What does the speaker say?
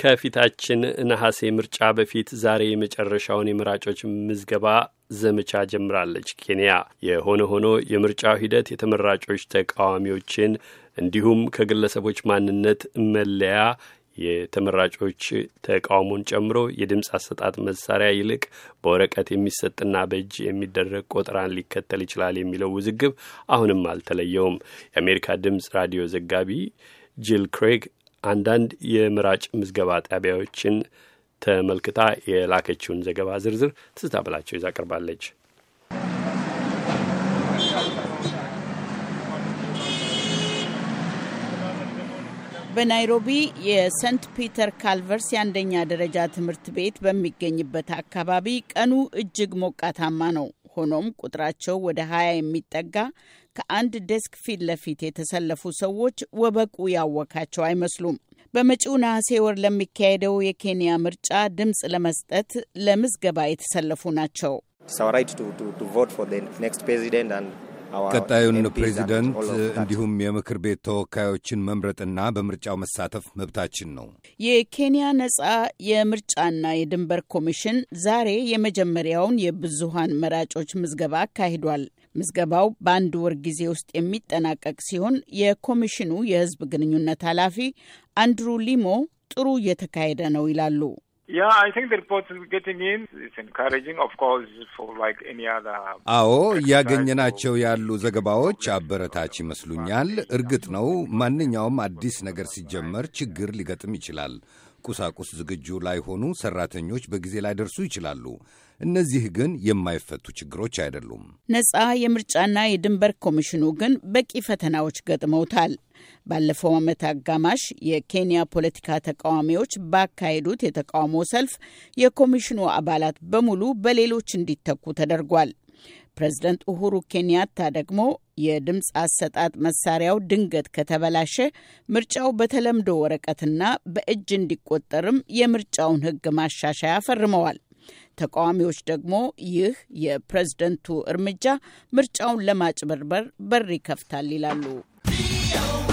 ከፊታችን ነሐሴ ምርጫ በፊት ዛሬ የመጨረሻውን የመራጮች ምዝገባ ዘመቻ ጀምራለች ኬንያ። የሆነ ሆኖ የምርጫው ሂደት የተመራጮች ተቃዋሚዎችን እንዲሁም ከግለሰቦች ማንነት መለያ የተመራጮች ተቃውሞን ጨምሮ የድምፅ አሰጣጥ መሳሪያ ይልቅ በወረቀት የሚሰጥና በእጅ የሚደረግ ቆጠራን ሊከተል ይችላል የሚለው ውዝግብ አሁንም አልተለየውም። የአሜሪካ ድምፅ ራዲዮ ዘጋቢ ጂል ክሬግ አንዳንድ የምራጭ ምዝገባ ጣቢያዎችን ተመልክታ የላከችውን ዘገባ ዝርዝር ትዝታ ብላቸው ይዛ ቀርባለች። በናይሮቢ የሰንት ፒተር ካልቨርስ የአንደኛ ደረጃ ትምህርት ቤት በሚገኝበት አካባቢ ቀኑ እጅግ ሞቃታማ ነው። ሆኖም ቁጥራቸው ወደ ሀያ የሚጠጋ ከአንድ ዴስክ ፊት ለፊት የተሰለፉ ሰዎች ወበቁ ያወካቸው አይመስሉም። በመጪው ነሐሴ ወር ለሚካሄደው የኬንያ ምርጫ ድምፅ ለመስጠት ለምዝገባ የተሰለፉ ናቸው። ቀጣዩን ፕሬዚደንት እንዲሁም የምክር ቤት ተወካዮችን መምረጥና በምርጫው መሳተፍ መብታችን ነው። የኬንያ ነጻ የምርጫና የድንበር ኮሚሽን ዛሬ የመጀመሪያውን የብዙሃን መራጮች ምዝገባ አካሂዷል። ምዝገባው በአንድ ወር ጊዜ ውስጥ የሚጠናቀቅ ሲሆን የኮሚሽኑ የህዝብ ግንኙነት ኃላፊ አንድሩ ሊሞ ጥሩ እየተካሄደ ነው ይላሉ። አዎ እያገኘናቸው ያሉ ዘገባዎች አበረታች ይመስሉኛል። እርግጥ ነው ማንኛውም አዲስ ነገር ሲጀመር ችግር ሊገጥም ይችላል። ቁሳቁስ ዝግጁ ላይሆኑ፣ ሰራተኞች በጊዜ ላይደርሱ ይችላሉ። እነዚህ ግን የማይፈቱ ችግሮች አይደሉም። ነፃ የምርጫና የድንበር ኮሚሽኑ ግን በቂ ፈተናዎች ገጥመውታል። ባለፈው ዓመት አጋማሽ የኬንያ ፖለቲካ ተቃዋሚዎች ባካሄዱት የተቃውሞ ሰልፍ የኮሚሽኑ አባላት በሙሉ በሌሎች እንዲተኩ ተደርጓል። ፕሬዝደንት ኡሁሩ ኬንያታ ደግሞ የድምፅ አሰጣጥ መሳሪያው ድንገት ከተበላሸ ምርጫው በተለምዶ ወረቀትና በእጅ እንዲቆጠርም የምርጫውን ሕግ ማሻሻያ ፈርመዋል። ተቃዋሚዎች ደግሞ ይህ የፕሬዝደንቱ እርምጃ ምርጫውን ለማጭበርበር በር ይከፍታል ይላሉ።